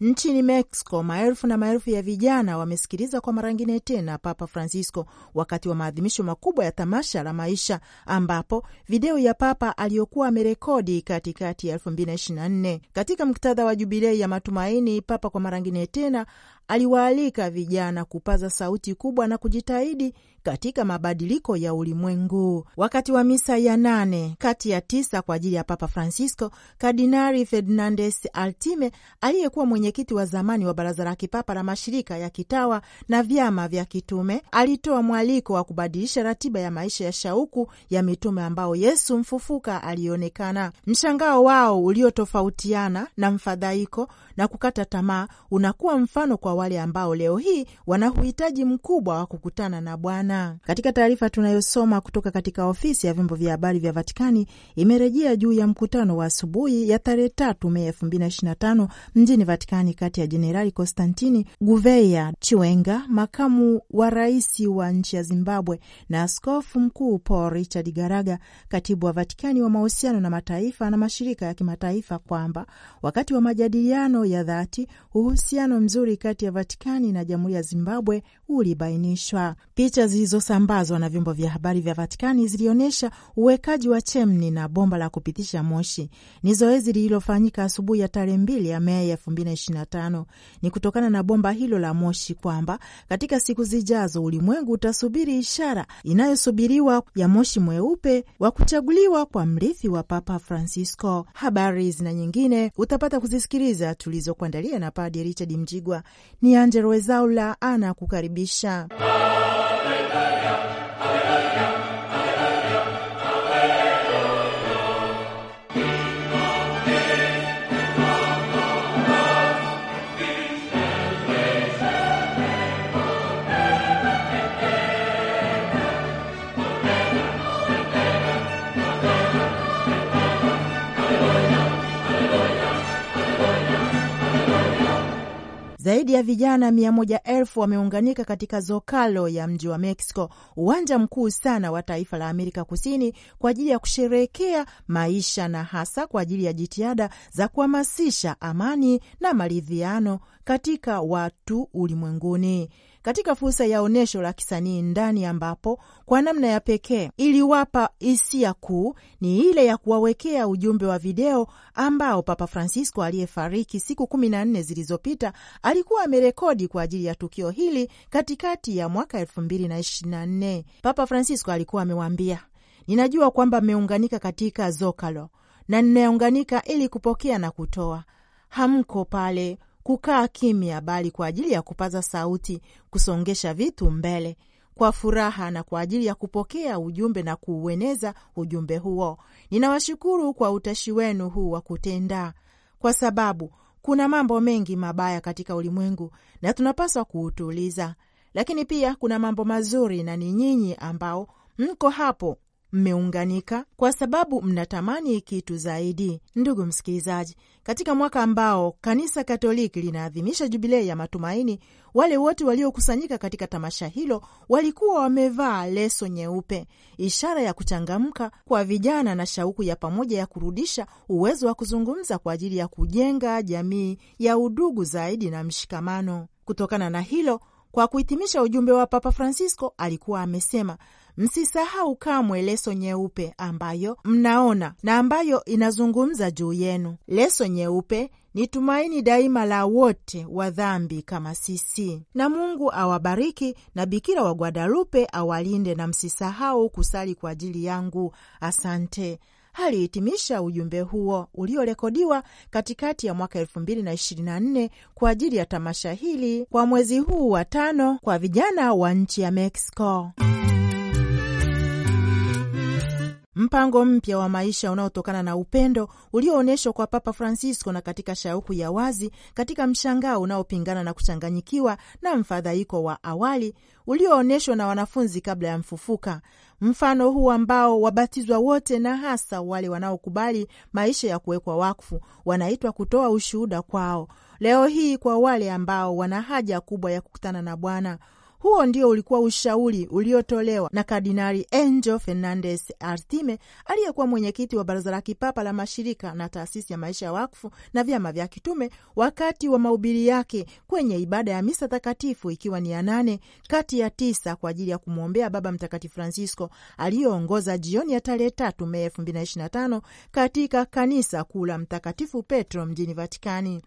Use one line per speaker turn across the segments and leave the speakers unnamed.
Nchini Mexico, maelfu na maelfu ya vijana wamesikiliza kwa mara ngine tena Papa Francisco wakati wa maadhimisho makubwa ya tamasha la maisha, ambapo video ya Papa aliyokuwa amerekodi katikati ya 2024 katika muktadha wa Jubilei ya Matumaini, Papa kwa mara ngine tena aliwaalika vijana kupaza sauti kubwa na kujitahidi katika mabadiliko ya ulimwengu. Wakati wa misa ya nane kati ya tisa kwa ajili ya Papa Francisco, Kardinari Fernandes Altime aliyekuwa mwenyekiti wa zamani wa Baraza la Kipapa la Mashirika ya Kitawa na Vyama vya Kitume alitoa mwaliko wa kubadilisha ratiba ya maisha ya shauku ya mitume ambao Yesu mfufuka alionekana. Mshangao wao uliotofautiana na mfadhaiko na kukata tamaa unakuwa mfano kwa wale ambao leo hii wana uhitaji mkubwa wa kukutana na Bwana. Katika taarifa tunayosoma kutoka katika ofisi ya vyombo vya habari vya Vatikani, imerejea juu ya mkutano wa asubuhi ya tarehe tatu Mei elfu mbili na ishirini na tano mjini Vatikani kati ya Jenerali Konstantini guveya Chiwenga, makamu wa rais wa nchi ya Zimbabwe, na askofu mkuu Paul Richard Garaga, katibu wa Vatikani wa mahusiano na mataifa na mashirika ya kimataifa, kwamba wakati wa majadiliano ya dhati, uhusiano mzuri kati ya Vatikani na Jamhuri ya Zimbabwe ulibainishwa. Picha zilizosambazwa na vyombo vya habari vya Vatikani zilionyesha uwekaji wa chemni na bomba la kupitisha moshi. Ni zoezi lililofanyika asubuhi ya tarehe mbili ya Mei elfu mbili na ishirini na tano. Ni kutokana na bomba hilo la moshi kwamba katika siku zijazo ulimwengu utasubiri ishara inayosubiriwa ya moshi mweupe wa kuchaguliwa kwa mrithi wa Papa Francisco. Habari zina nyingine utapata kuzisikiliza tulizokuandalia na Padre Richard Mjigwa. Ni Angelo Wezaula ana kukaribisha 陛下。Zaidi ya vijana mia moja elfu wameunganika katika Zocalo ya mji wa Mexico, uwanja mkuu sana wa taifa la Amerika Kusini, kwa ajili ya kusherehekea maisha na hasa kwa ajili ya jitihada za kuhamasisha amani na maridhiano katika watu ulimwenguni katika fursa ya onyesho la kisanii ndani, ambapo kwa namna ya pekee iliwapa hisia kuu ni ile ya kuwawekea ujumbe wa video ambao Papa Francisco aliyefariki siku kumi na nne zilizopita alikuwa amerekodi kwa ajili ya tukio hili katikati ya mwaka elfu mbili na ishirini na nne. Papa Francisco alikuwa amewaambia, ninajua kwamba mmeunganika katika Zokalo na ninaunganika ili kupokea na kutoa, hamko pale kukaa kimya, bali kwa ajili ya kupaza sauti, kusongesha vitu mbele kwa furaha na kwa ajili ya kupokea ujumbe na kuueneza ujumbe huo. Ninawashukuru kwa utashi wenu huu wa kutenda, kwa sababu kuna mambo mengi mabaya katika ulimwengu na tunapaswa kuutuliza, lakini pia kuna mambo mazuri, na ni nyinyi ambao mko hapo mmeunganika kwa sababu mnatamani kitu zaidi. Ndugu msikilizaji, katika mwaka ambao kanisa Katoliki linaadhimisha jubilei ya matumaini, wale wote waliokusanyika katika tamasha hilo walikuwa wamevaa leso nyeupe, ishara ya kuchangamka kwa vijana na shauku ya pamoja ya kurudisha uwezo wa kuzungumza kwa ajili ya kujenga jamii ya udugu zaidi na mshikamano. Kutokana na hilo, kwa kuhitimisha ujumbe wa Papa Francisco alikuwa amesema Msisahau kamwe leso nyeupe ambayo mnaona na ambayo inazungumza juu yenu. Leso nyeupe ni tumaini daima la wote wa dhambi kama sisi. Na Mungu awabariki na Bikira wa Guadalupe awalinde, na msisahau kusali kwa ajili yangu. Asante. Alihitimisha ujumbe huo uliorekodiwa katikati ya mwaka elfu mbili na ishirini na nne kwa ajili ya tamasha hili kwa mwezi huu wa tano kwa vijana wa nchi ya Mexico. Mpango mpya wa maisha unaotokana na upendo ulioonyeshwa kwa Papa Francisco na katika shauku ya wazi, katika mshangao unaopingana na kuchanganyikiwa na mfadhaiko wa awali ulioonyeshwa na wanafunzi kabla ya mfufuka. Mfano huu ambao wabatizwa wote na hasa wale wanaokubali maisha ya kuwekwa wakfu wanaitwa kutoa ushuhuda kwao leo hii, kwa wale ambao wana haja kubwa ya kukutana na Bwana huo ndio ulikuwa ushauri uliotolewa na Kardinali Angel Fernandez Artime, aliyekuwa mwenyekiti wa Baraza la Kipapa la Mashirika na Taasisi ya Maisha ya Wakfu na Vyama vya Kitume, wakati wa mahubiri yake kwenye ibada ya misa takatifu, ikiwa ni ya nane kati ya tisa kwa ajili ya kumwombea Baba Mtakatifu Francisco, aliyoongoza jioni ya tarehe tatu Mei elfu mbili na ishirini na tano katika kanisa kuu la Mtakatifu Petro mjini Vatikani.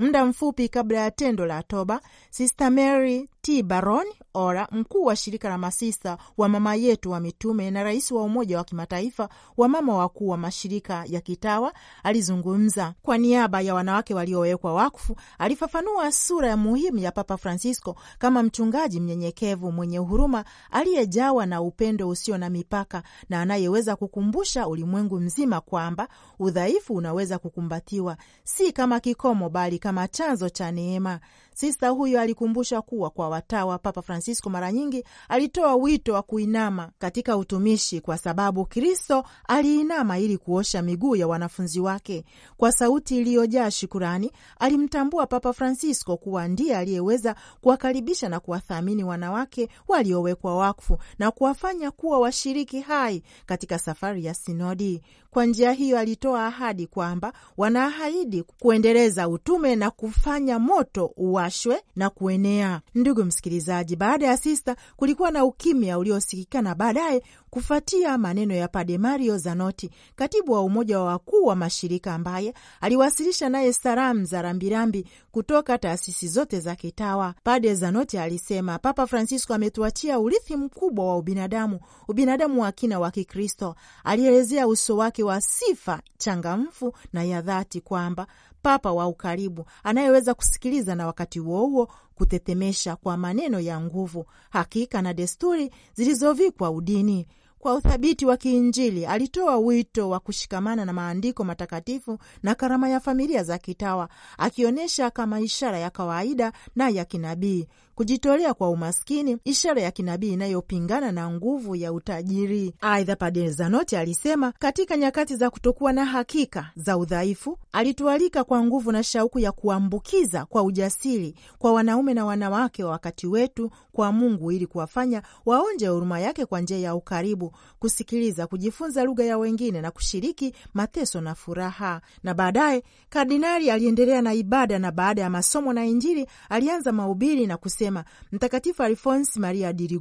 Muda mfupi kabla ya tendo la toba, Sister Mary T Baron Ora, mkuu wa shirika la masista wa Mama Yetu wa Mitume na rais wa Umoja wa Kimataifa wa mama wakuu wa mashirika ya kitawa, alizungumza kwa niaba ya wanawake waliowekwa wakfu. Alifafanua sura ya muhimu ya Papa Francisco kama mchungaji mnyenyekevu mwenye huruma aliyejawa na upendo usio na mipaka na anayeweza kukumbusha ulimwengu mzima kwamba udhaifu unaweza kukumbatiwa si kama kikomo, bali kama chanzo cha neema Sista huyo alikumbusha kuwa kwa watawa, Papa Francisco mara nyingi alitoa wito wa kuinama katika utumishi, kwa sababu Kristo aliinama ili kuosha miguu ya wanafunzi wake. Kwa sauti iliyojaa shukurani, alimtambua Papa Francisco kuwa ndiye aliyeweza kuwakaribisha na kuwathamini wanawake waliowekwa wakfu na kuwafanya kuwa washiriki hai katika safari ya sinodi. Kwa njia hiyo alitoa ahadi kwamba wanaahidi kuendeleza utume na kufanya moto uwa ziwashwe na kuenea. Ndugu msikilizaji, baada ya sista kulikuwa na ukimya uliosikika na baadaye kufuatia maneno ya pade Mario Zanotti, katibu wa umoja wa wakuu wa mashirika, ambaye aliwasilisha naye salamu za rambirambi kutoka taasisi zote za kitawa. pade Zanotti alisema Papa Francisco ametuachia urithi mkubwa wa ubinadamu, ubinadamu wa kina wa Kikristo. Alielezea uso wake wa sifa changamfu na ya dhati kwamba papa wa ukaribu anayeweza kusikiliza na wakati huo huo kutetemesha kwa maneno ya nguvu, hakika na desturi zilizovikwa udini. Kwa uthabiti wa kiinjili alitoa wito wa kushikamana na maandiko matakatifu na karama ya familia za kitawa, akionyesha kama ishara ya kawaida na ya kinabii kujitolea kwa umaskini, ishara ya kinabii inayopingana na nguvu ya utajiri. Aidha, Padre Zanotti alisema katika nyakati za kutokuwa na hakika za udhaifu, alitualika kwa nguvu na shauku ya kuambukiza kwa ujasiri kwa wanaume na wanawake wa wakati wetu kwa Mungu, ili kuwafanya waonje huruma yake kwa njia ya ukaribu, kusikiliza, kujifunza lugha ya wengine na kushiriki mateso na furaha. Na baadaye kardinali aliendelea na ibada, na baada ya masomo na Injili alianza mahubiri na kusema anasema Mtakatifu Alfonsi Maria di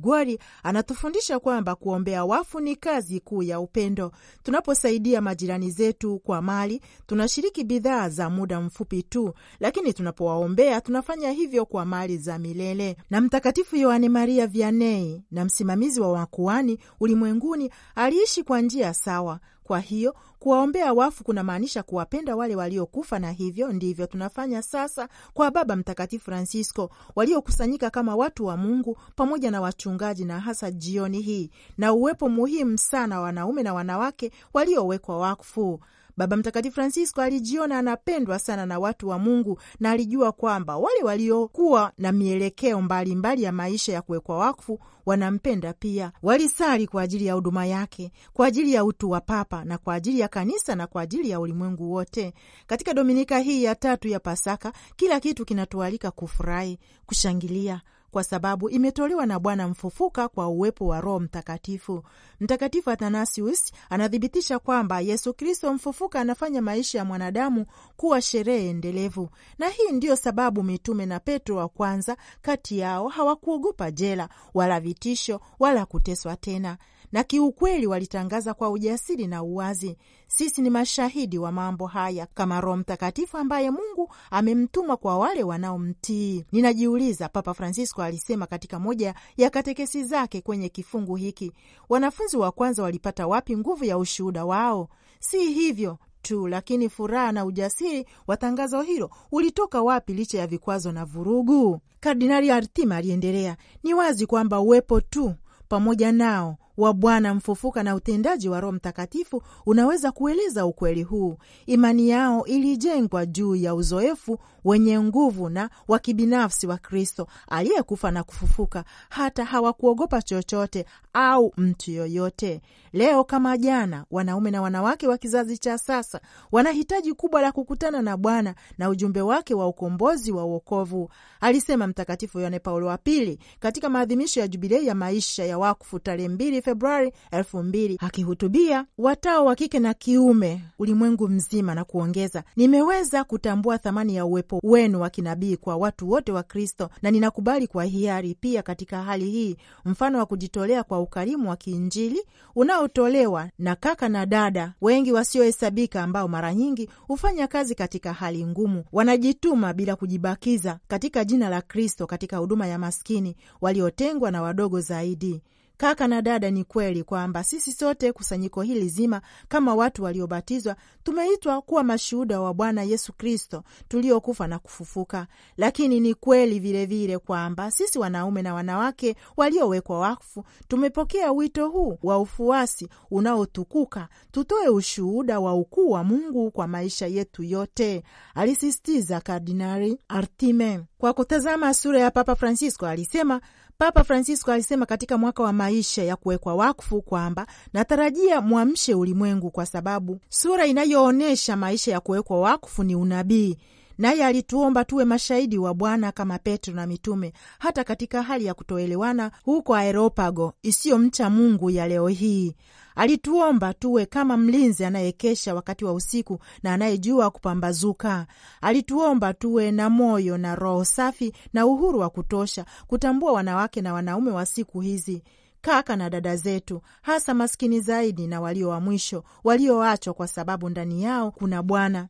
anatufundisha kwamba kuombea wafu ni kazi kuu ya upendo. Tunaposaidia majirani zetu kwa mali, tunashiriki bidhaa za muda mfupi tu, lakini tunapowaombea tunafanya hivyo kwa mali za milele. Na Mtakatifu Yohane Maria Vianney na msimamizi wa wakuani ulimwenguni aliishi kwa njia sawa kwa hiyo kuwaombea wafu kunamaanisha kuwapenda wale waliokufa, na hivyo ndivyo tunafanya sasa kwa Baba Mtakatifu Francisco, waliokusanyika kama watu wa Mungu pamoja na wachungaji, na hasa jioni hii na uwepo muhimu sana wanaume na wanawake waliowekwa wakfu Baba Mtakatifu Francisco alijiona anapendwa sana na watu wa Mungu na alijua kwamba wale waliokuwa na mielekeo mbalimbali ya maisha ya kuwekwa wakfu wanampenda pia. Walisali kwa ajili ya huduma yake, kwa ajili ya utu wa Papa na kwa ajili ya kanisa na kwa ajili ya ulimwengu wote. Katika dominika hii ya tatu ya Pasaka, kila kitu kinatualika kufurahi, kushangilia kwa sababu imetolewa na Bwana mfufuka kwa uwepo wa Roho Mtakatifu. Mtakatifu Athanasius anathibitisha kwamba Yesu Kristo mfufuka anafanya maisha ya mwanadamu kuwa sherehe endelevu, na hii ndiyo sababu mitume na Petro wa kwanza kati yao hawakuogopa jela wala vitisho wala kuteswa tena na kiukweli walitangaza kwa ujasiri na uwazi, sisi ni mashahidi wa mambo haya kama Roho Mtakatifu ambaye Mungu amemtuma kwa wale wanaomtii. Ninajiuliza, Papa Francisco alisema katika moja ya katekesi zake kwenye kifungu hiki, wanafunzi wa kwanza walipata wapi nguvu ya ushuhuda wao? Si hivyo tu lakini furaha na ujasiri wa tangazo hilo ulitoka wapi licha ya vikwazo na vurugu? Kardinali Artima aliendelea, ni wazi kwamba uwepo tu pamoja nao wa Bwana mfufuka na utendaji wa Roho Mtakatifu unaweza kueleza ukweli huu. Imani yao ilijengwa juu ya uzoefu wenye nguvu na wa kibinafsi wa Kristo aliyekufa na kufufuka. Hata hawakuogopa chochote au mtu yoyote. Leo kama jana, wanaume na wanawake wa kizazi cha sasa wanahitaji kubwa la kukutana na Bwana na ujumbe wake wa ukombozi wa uokovu, alisema Mtakatifu Yohane Paulo wa Pili katika maadhimisho ya Jubilei ya maisha ya wakfu tarehe 2 Februari elfu mbili akihutubia watao wa kike na kiume ulimwengu mzima, na kuongeza, nimeweza kutambua thamani ya uwepo wenu wa kinabii kwa watu wote wa Kristo, na ninakubali kwa hiari pia katika hali hii mfano wa kujitolea kwa ukarimu wa kiinjili unaotolewa na kaka na dada wengi wasiohesabika, ambao mara nyingi hufanya kazi katika hali ngumu, wanajituma bila kujibakiza katika jina la Kristo katika huduma ya maskini, waliotengwa na wadogo zaidi. Kaka na dada, ni kweli kwamba sisi sote kusanyiko hili zima kama watu waliobatizwa tumeitwa kuwa mashuhuda wa Bwana Yesu Kristo tuliokufa na kufufuka, lakini ni kweli vilevile kwamba sisi wanaume na wanawake waliowekwa wakfu tumepokea wito huu wa ufuasi unaotukuka, tutoe ushuhuda wa ukuu wa Mungu kwa maisha yetu yote, alisisitiza Kardinali Artime. Kwa kutazama sura ya Papa Francisco, alisema Papa Francisco alisema katika mwaka wa maisha ya kuwekwa wakfu kwamba natarajia mwamshe ulimwengu, kwa sababu sura inayoonyesha maisha ya kuwekwa wakfu ni unabii Naye alituomba tuwe mashahidi wa Bwana kama Petro na mitume, hata katika hali ya kutoelewana huko aeropago isiyo mcha Mungu ya leo hii. Alituomba tuwe kama mlinzi anayekesha wakati wa usiku na anayejua kupambazuka. Alituomba tuwe na moyo na roho safi na uhuru wa kutosha kutambua wanawake na wanaume wa siku hizi kaka na dada zetu, hasa maskini zaidi na walio wa mwisho, walioachwa, kwa sababu ndani yao kuna Bwana.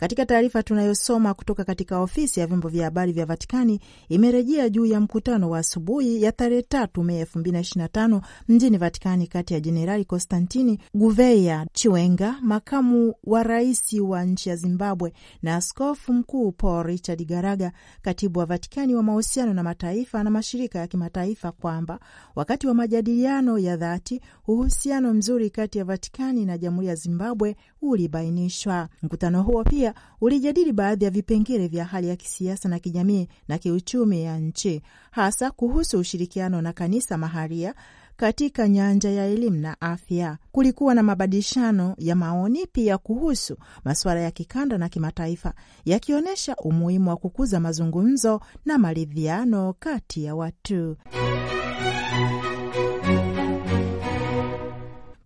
Katika taarifa tunayosoma kutoka katika ofisi ya vyombo vya habari vya Vatikani imerejea juu ya mkutano wa asubuhi ya tarehe tatu Mei elfu mbili na ishirini na tano mjini Vatikani kati ya Jenerali Konstantini Guveya Chiwenga, makamu wa rais wa nchi ya Zimbabwe, na askofu mkuu Paul Richard Garaga, katibu wa Vatikani wa mahusiano na mataifa na mashirika ya kimataifa, kwamba wakati wa majadiliano ya dhati uhusiano mzuri kati ya Vatikani na jamhuri ya Zimbabwe ulibainishwa. Mkutano huo pia pia ulijadili baadhi ya vipengele vya hali ya kisiasa na kijamii na kiuchumi ya nchi, hasa kuhusu ushirikiano na kanisa maharia katika nyanja ya elimu na afya. Kulikuwa na mabadilishano ya maoni pia kuhusu masuala ya kikanda na kimataifa, yakionyesha umuhimu wa kukuza mazungumzo na maridhiano kati ya watu.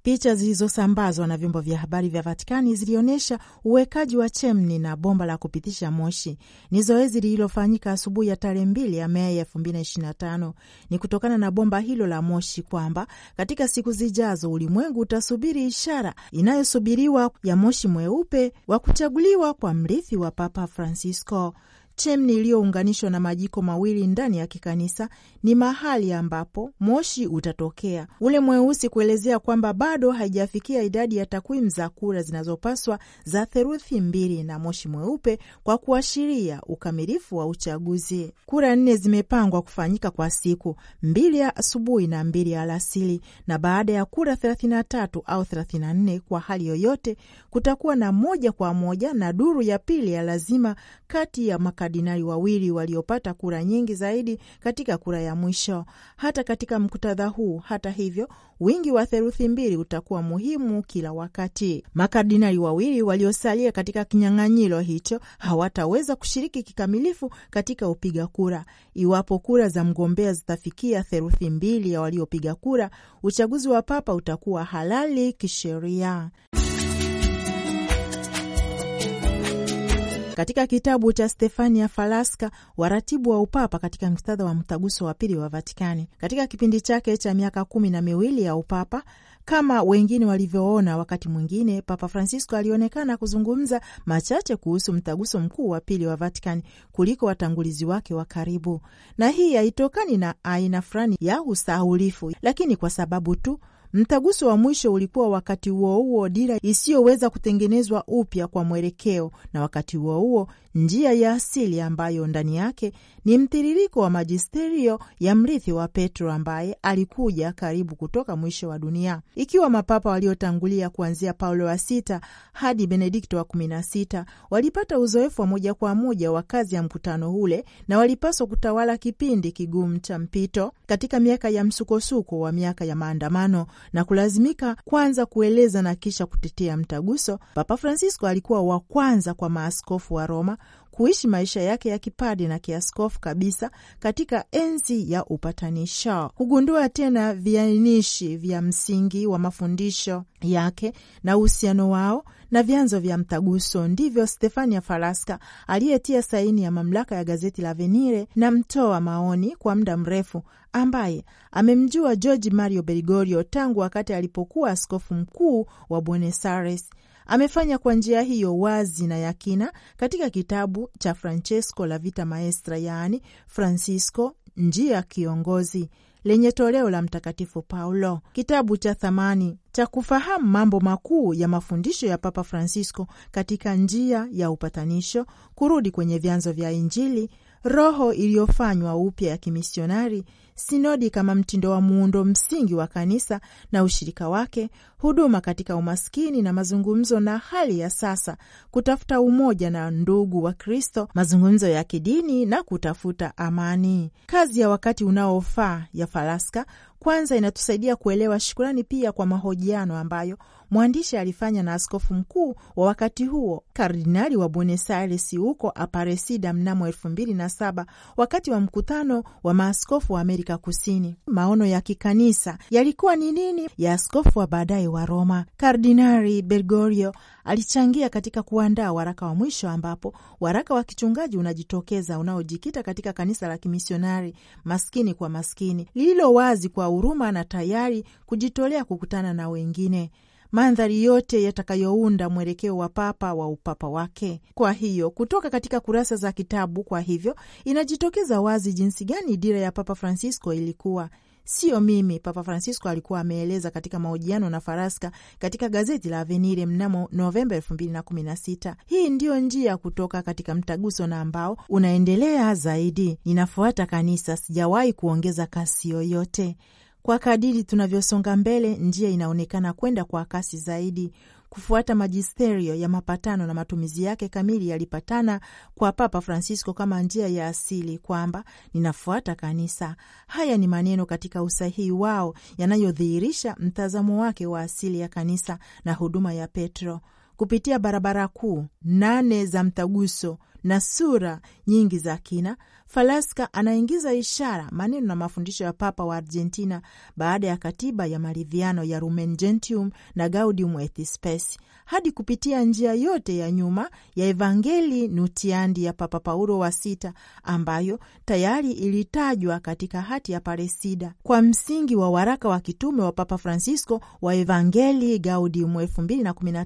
Picha zilizosambazwa na vyombo vya habari vya Vatikani zilionyesha uwekaji wa chemni na bomba la kupitisha moshi. Ni zoezi lililofanyika asubuhi ya tarehe mbili ya Mei elfu mbili na ishirini na tano. Ni kutokana na bomba hilo la moshi kwamba katika siku zijazo ulimwengu utasubiri ishara inayosubiriwa ya moshi mweupe wa kuchaguliwa kwa mrithi wa Papa Francisco. Chemni iliyounganishwa na majiko mawili ndani ya kikanisa ni mahali ambapo moshi utatokea ule mweusi, kuelezea kwamba bado haijafikia idadi ya takwimu za kura zinazopaswa za theluthi mbili, na moshi mweupe kwa kuashiria ukamilifu wa uchaguzi. Kura nne zimepangwa kufanyika kwa siku mbili, ya asubuhi na mbili ya alasiri, na baada ya kura 33 au 34 kwa hali yoyote, kutakuwa na moja kwa moja na duru ya pili ya lazima kati ya makardinali wawili waliopata kura nyingi zaidi katika kura ya mwisho. Hata katika muktadha huu, hata hivyo, wingi wa theluthi mbili utakuwa muhimu kila wakati. Makardinali wawili waliosalia katika kinyang'anyiro hicho hawataweza kushiriki kikamilifu katika upiga kura. Iwapo kura za mgombea zitafikia theluthi mbili ya waliopiga kura, uchaguzi wa papa utakuwa halali kisheria. Katika kitabu cha Stefania Falaska, waratibu wa upapa katika mstadha wa mtaguso wa pili wa Vatikani, katika kipindi chake cha miaka kumi na miwili ya upapa kama wengine walivyoona, wakati mwingine Papa Francisco alionekana kuzungumza machache kuhusu mtaguso mkuu wa pili wa Vatikani kuliko watangulizi wake wa karibu, na hii haitokani na aina fulani ya usahaulifu, lakini kwa sababu tu Mtaguso wa mwisho ulikuwa wakati huo huo dira isiyoweza kutengenezwa upya kwa mwelekeo, na wakati huo huo njia ya asili ambayo ndani yake ni mtiririko wa majisterio ya mrithi wa Petro ambaye alikuja karibu kutoka mwisho wa dunia, ikiwa mapapa waliotangulia kuanzia Paulo wa sita hadi Benedikto wa kumi na sita walipata uzoefu wa moja kwa moja wa kazi ya mkutano ule na walipaswa kutawala kipindi kigumu cha mpito katika miaka ya msukosuko wa miaka ya maandamano na kulazimika kwanza kueleza na kisha kutetea mtaguso, Papa Francisco alikuwa wa kwanza kwa maaskofu wa Roma kuishi maisha yake ya kipadi na kiaskofu kabisa katika enzi ya upatanisho, kugundua tena viainishi vya msingi wa mafundisho yake na uhusiano wao na vyanzo vya mtaguso. Ndivyo Stefania Faraska aliyetia saini ya mamlaka ya gazeti la Venire na mtoa maoni kwa muda mrefu ambaye amemjua George Mario Bergoglio tangu wakati alipokuwa askofu mkuu wa Buenos Aires amefanya kwa njia hiyo wazi na yakina katika kitabu cha Francesco la Vita Maestra, yaani Francisco njia kiongozi lenye toleo la Mtakatifu Paulo, kitabu cha thamani cha kufahamu mambo makuu ya mafundisho ya Papa Francisco katika njia ya upatanisho, kurudi kwenye vyanzo vya Injili, roho iliyofanywa upya ya kimisionari, sinodi kama mtindo wa muundo msingi wa kanisa na ushirika wake, huduma katika umaskini na mazungumzo na hali ya sasa, kutafuta umoja na ndugu wa Kristo, mazungumzo ya kidini na kutafuta amani. Kazi ya wakati unaofaa ya Falaska kwanza inatusaidia kuelewa shukurani, pia kwa mahojiano ambayo Mwandishi alifanya na askofu mkuu wa wakati huo Kardinali wa Buenos Aires huko Aparecida mnamo elfu mbili na saba wakati wa mkutano wa maaskofu wa Amerika Kusini. Maono ya kikanisa yalikuwa ni nini ya askofu wa baadaye wa Roma? Kardinali Bergoglio alichangia katika kuandaa waraka wa mwisho, ambapo waraka wa kichungaji unajitokeza unaojikita katika kanisa la kimisionari maskini kwa maskini, lililo wazi kwa huruma na tayari kujitolea kukutana na wengine mandhari yote yatakayounda mwelekeo wa papa wa upapa wake. Kwa hiyo kutoka katika kurasa za kitabu, kwa hivyo inajitokeza wazi jinsi gani dira ya Papa Francisco ilikuwa Sio mimi, Papa Francisco alikuwa ameeleza katika mahojiano na Faraska katika gazeti la Avenire mnamo Novemba elfu mbili na kumi na sita. Hii ndiyo njia kutoka katika mtaguso na ambao unaendelea zaidi. Ninafuata kanisa, sijawahi kuongeza kasi yoyote. Kwa kadiri tunavyosonga mbele, njia inaonekana kwenda kwa kasi zaidi kufuata majisterio ya mapatano na matumizi yake kamili yalipatana kwa Papa Francisco kama njia ya asili kwamba ninafuata kanisa. Haya ni maneno katika usahihi wao yanayodhihirisha mtazamo wake wa asili ya kanisa na huduma ya Petro kupitia barabara kuu nane za mtaguso na sura nyingi za kina. Falaska anaingiza ishara, maneno na mafundisho ya Papa wa Argentina baada ya katiba ya maridhiano ya Lumen Gentium na Gaudium et Spes hadi kupitia njia yote ya nyuma ya evangeli Nutiandi ya Papa Paulo wa Sita, ambayo tayari ilitajwa katika hati ya Paresida kwa msingi wa waraka wa kitume wa Papa Francisco wa Evangeli Gaudium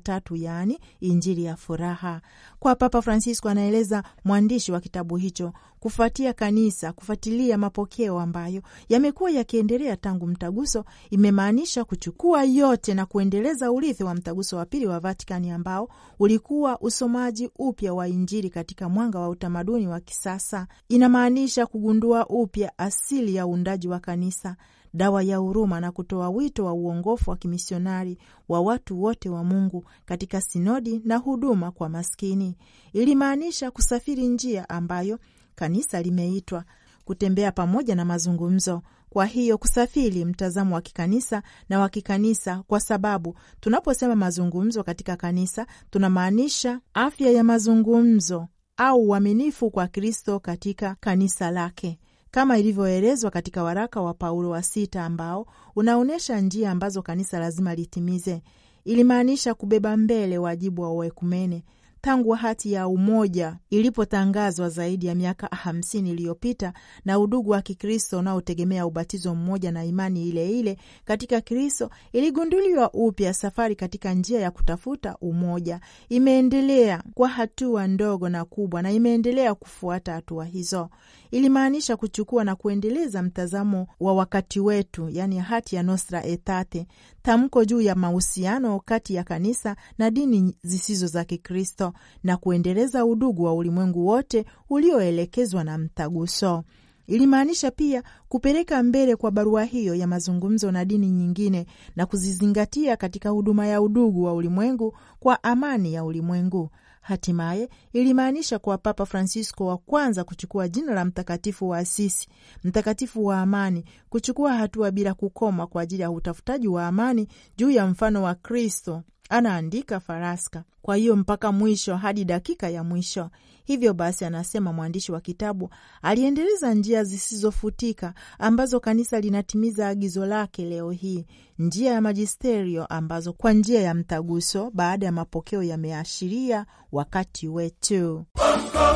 tatu yaani Injili ya Furaha. Kwa Papa Francisco, anaeleza mwandishi wa kitabu hicho kufuatia kanisa kufuatilia mapokeo ambayo yamekuwa yakiendelea tangu mtaguso, imemaanisha kuchukua yote na kuendeleza urithi wa mtaguso wa pili wa Vatikani ambao ulikuwa usomaji upya wa Injili katika mwanga wa utamaduni wa kisasa. Inamaanisha kugundua upya asili ya uundaji wa kanisa dawa ya huruma na kutoa wito wa uongofu wa kimisionari wa watu wote wa Mungu katika sinodi na huduma kwa maskini. Ilimaanisha kusafiri njia ambayo kanisa limeitwa kutembea pamoja na mazungumzo. Kwa hiyo kusafiri mtazamo wa kikanisa na wa kikanisa, kwa sababu tunaposema mazungumzo katika kanisa tunamaanisha afya ya mazungumzo au uaminifu kwa Kristo katika kanisa lake kama ilivyoelezwa katika waraka wa Paulo wa sita ambao unaonyesha njia ambazo kanisa lazima litimize. Ilimaanisha kubeba mbele wajibu wa uekumene tangu hati ya umoja ilipotangazwa zaidi ya miaka hamsini iliyopita na udugu wa Kikristo unaotegemea ubatizo mmoja na imani ile ile katika Kristo iligunduliwa upya. Safari katika njia ya kutafuta umoja imeendelea kwa hatua ndogo na kubwa, na imeendelea kufuata hatua hizo. Ilimaanisha kuchukua na kuendeleza mtazamo wa wakati wetu, yani hati ya Nostra Aetate tamko juu ya mahusiano kati ya kanisa na dini zisizo za Kikristo na kuendeleza udugu wa ulimwengu wote ulioelekezwa na mtaguso. Ilimaanisha pia kupeleka mbele kwa barua hiyo ya mazungumzo na dini nyingine na kuzizingatia katika huduma ya udugu wa ulimwengu kwa amani ya ulimwengu hatimaye ilimaanisha kuwa Papa Francisco wa kwanza kuchukua jina la mtakatifu wa Asisi, mtakatifu wa amani, kuchukua hatua bila kukoma kwa ajili ya utafutaji wa amani juu ya mfano wa Kristo anaandika Faraska, kwa hiyo mpaka mwisho hadi dakika ya mwisho. Hivyo basi, anasema mwandishi wa kitabu aliendeleza njia zisizofutika ambazo kanisa linatimiza agizo lake leo hii, njia ya majisterio ambazo kwa njia ya mtaguso baada ya mapokeo yameashiria wakati wetu. Amka,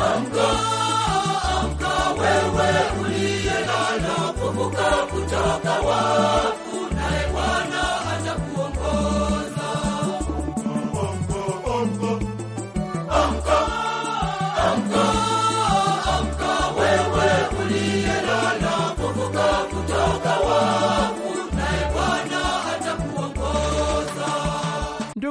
amka, amka wewe uliye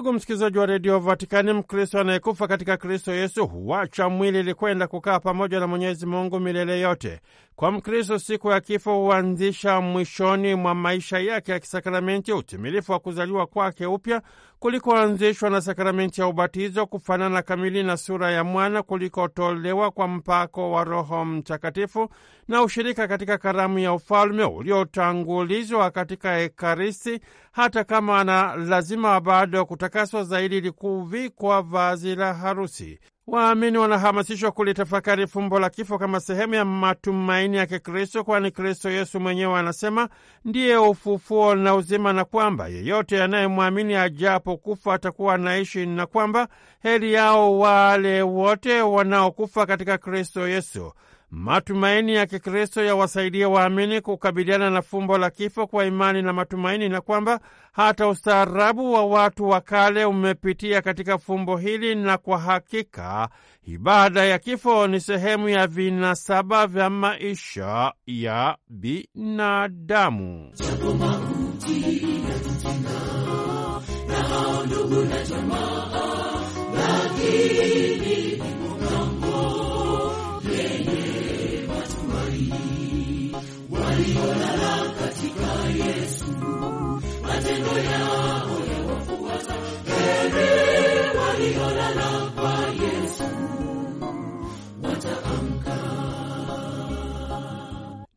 Ndugu msikilizaji wa redio Vatikani, Mkristo anayekufa katika Kristo Yesu huacha mwili ili kwenda kukaa pamoja na Mwenyezi Mungu milele yote. Kwa Mkristo, siku ya kifo huanzisha mwishoni mwa maisha yake ya kisakramenti utimilifu wa kuzaliwa kwake upya kulikoanzishwa na sakramenti ya ubatizo, kufanana kamili na sura ya mwana kulikotolewa kwa mpako wa Roho Mtakatifu, na ushirika katika karamu ya ufalme uliotangulizwa katika Ekaristi, hata kama ana lazima bado kutakaswa zaidi ili kuvikwa vazi la harusi. Waamini wanahamasishwa kulitafakari fumbo la kifo kama sehemu ya matumaini ya Kikristo, kwani Kristo Yesu mwenyewe anasema ndiye ufufuo na uzima, na kwamba yeyote anayemwamini ajapo kufa atakuwa anaishi, na kwamba heri yao wale wote wanaokufa katika Kristo Yesu. Matumaini ya Kikristo yawasaidia waamini kukabiliana na fumbo la kifo kwa imani na matumaini, na kwamba hata ustaarabu wa watu wa kale umepitia katika fumbo hili, na kwa hakika ibada ya kifo ni sehemu ya vinasaba vya maisha ya binadamu.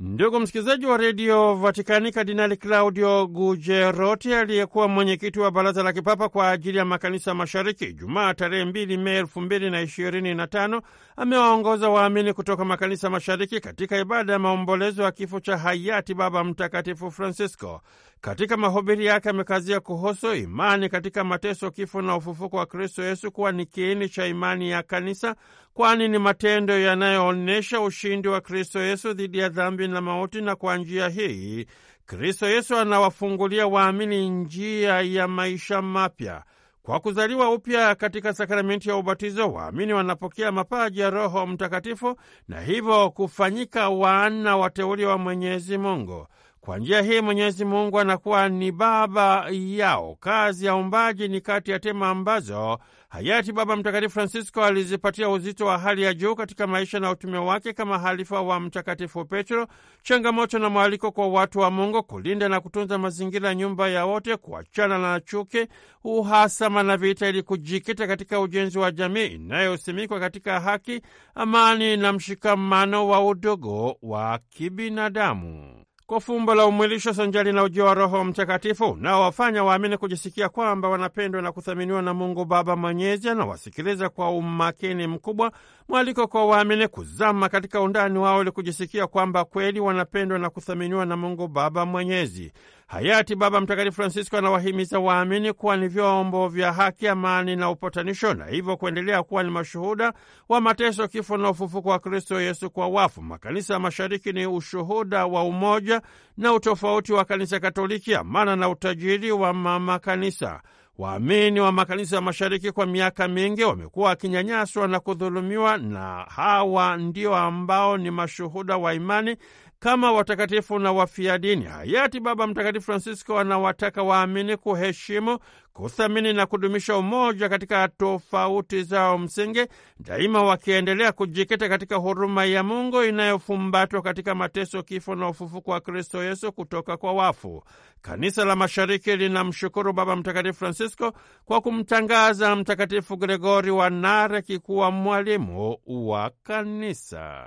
Ndugu msikilizaji wa redio Vatikani, Kardinali Claudio Gujeroti aliyekuwa mwenyekiti wa baraza la kipapa kwa ajili ya makanisa mashariki, Jumaa tarehe 2 Mei elfu mbili na ishirini na tano amewaongoza waamini kutoka makanisa mashariki katika ibada ya maombolezo ya kifo cha hayati Baba Mtakatifu Francisco. Katika mahubiri yake amekazia kuhusu imani katika mateso, kifo na ufufuko wa Kristo Yesu kuwa ni kiini cha imani ya Kanisa, kwani ni matendo yanayoonyesha ushindi wa Kristo Yesu dhidi ya dhambi na mauti, na kwa njia hii Kristo Yesu anawafungulia waamini njia ya maisha mapya. Kwa kuzaliwa upya katika sakramenti ya ubatizo, waamini wanapokea mapaji ya Roho Mtakatifu na hivyo kufanyika wana wateuli wa Mwenyezi Mungu. Kwa njia hii Mwenyezi Mungu anakuwa ni baba yao. Kazi ya umbaji ni kati ya tema ambazo hayati Baba Mtakatifu Francisco alizipatia uzito wa hali ya juu katika maisha na utume wake kama halifa wa Mtakatifu Petro, changamoto na mwaliko kwa watu wa Mungu kulinda na kutunza mazingira, ya nyumba ya wote, kuachana na chuki, uhasama na vita, ili kujikita katika ujenzi wa jamii inayosimikwa katika haki, amani na mshikamano wa udogo wa kibinadamu kwa fumbo la umwilisho sanjali na ujio wa Roho Mtakatifu unaowafanya waamini kujisikia kwamba wanapendwa na kuthaminiwa na Mungu Baba Mwenyezi, anawasikiliza kwa umakini mkubwa, mwaliko kwa waamini kuzama katika undani wao ili kujisikia kwamba kweli wanapendwa na kuthaminiwa na Mungu Baba Mwenyezi. Hayati Baba Mtakatifu Francisco anawahimiza waamini kuwa ni vyombo vya haki, amani na upatanisho, na hivyo kuendelea kuwa ni mashuhuda wa mateso, kifo na ufufuko wa Kristo Yesu kwa wafu. Makanisa ya Mashariki ni ushuhuda wa umoja na utofauti wa Kanisa Katoliki, amana na utajiri wa mama kanisa. Waamini wa makanisa ya mashariki kwa miaka mingi wamekuwa wakinyanyaswa na kudhulumiwa, na hawa ndio ambao ni mashuhuda wa imani kama watakatifu na wafia dini. Hayati Baba Mtakatifu Francisco anawataka waamini kuheshimu, kuthamini na kudumisha umoja katika tofauti zao msingi, daima wakiendelea kujikita katika huruma ya Mungu inayofumbatwa katika mateso, kifo na ufufuko wa Kristo Yesu kutoka kwa wafu. Kanisa la Mashariki linamshukuru Baba Mtakatifu Francisco kwa kumtangaza Mtakatifu Gregori wa Narek kuwa mwalimu wa kanisa.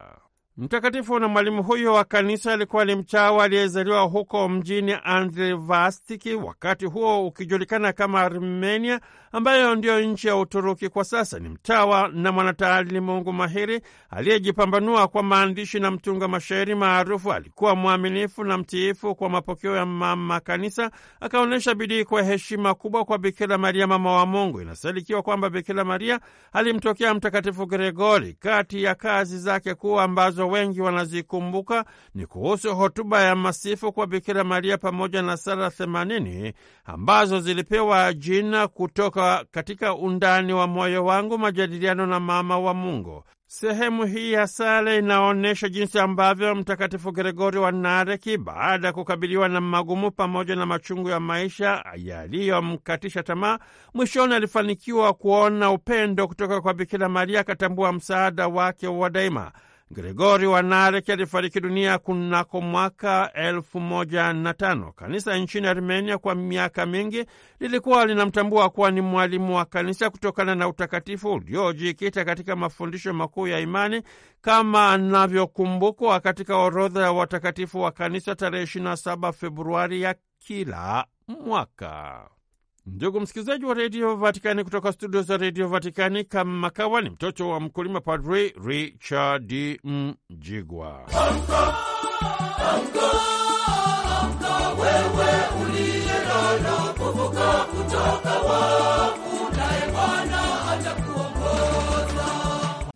Mtakatifu na mwalimu huyo wa kanisa alikuwa ni mchawa aliyezaliwa huko mjini Andrevastiki, wakati huo ukijulikana kama Armenia, ambayo ndiyo nchi ya Uturuki kwa sasa. Ni mtawa na mwanataali mungu mahiri aliyejipambanua kwa maandishi na mtunga mashairi maarufu. Alikuwa mwaminifu na mtiifu kwa mapokeo ya mama kanisa, akaonyesha bidii kwa heshima kubwa kwa Bikira Maria, mama wa Mungu. Inasadikiwa kwamba Bikira Maria alimtokea Mtakatifu Gregori. Kati ya kazi zake kuu ambazo ambazo wengi wanazikumbuka ni kuhusu hotuba ya masifu kwa Bikira Maria pamoja na sala themanini ambazo zilipewa jina kutoka katika undani wa moyo wangu, majadiliano na mama wa Mungu. Sehemu hii ya sala inaonyesha jinsi ambavyo Mtakatifu Gregori wa Nareki, baada ya kukabiliwa na magumu pamoja na machungu ya maisha yaliyomkatisha tamaa, mwishoni alifanikiwa kuona upendo kutoka kwa Bikira Maria, akatambua msaada wake wa daima. Gregori wa Narek alifariki dunia kunako mwaka elfu moja na tano. Kanisa nchini Armenia kwa miaka mingi lilikuwa linamtambua kuwa ni mwalimu wa kanisa kutokana na utakatifu uliojikita katika mafundisho makuu ya imani kama anavyokumbukwa katika orodha ya watakatifu wa kanisa tarehe 27 Februari ya kila mwaka. Ndugu msikilizaji wa redio Vatikani, kutoka studio za redio Vatikani, kama ni mtoto wa mkulima, Padri Richard Mjigwa. wewe
kuvuka kutoka wafu, naye Bwana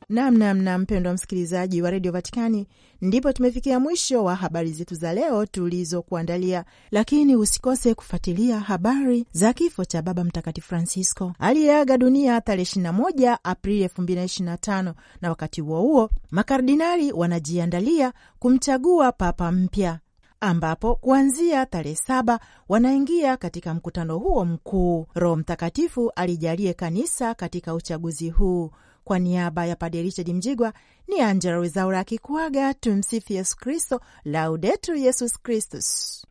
Namnamna mpendwa msikilizaji wa redio Vatikani, ndipo tumefikia mwisho wa habari zetu za leo tulizokuandalia, lakini usikose kufuatilia habari za kifo cha Baba Mtakatifu Francisco aliyeaga dunia tarehe 21 Aprili 2025, na wakati huo huo makardinali wanajiandalia kumchagua papa mpya ambapo kuanzia tarehe saba wanaingia katika mkutano huo mkuu. Roho Mtakatifu alijalie kanisa katika uchaguzi huu. Kwa niaba ya Padre Richard Mjigwa ni Angela Rwezaura akikuaga. Tumsifu Yesu Kristo, Laudetur Yesus Kristus.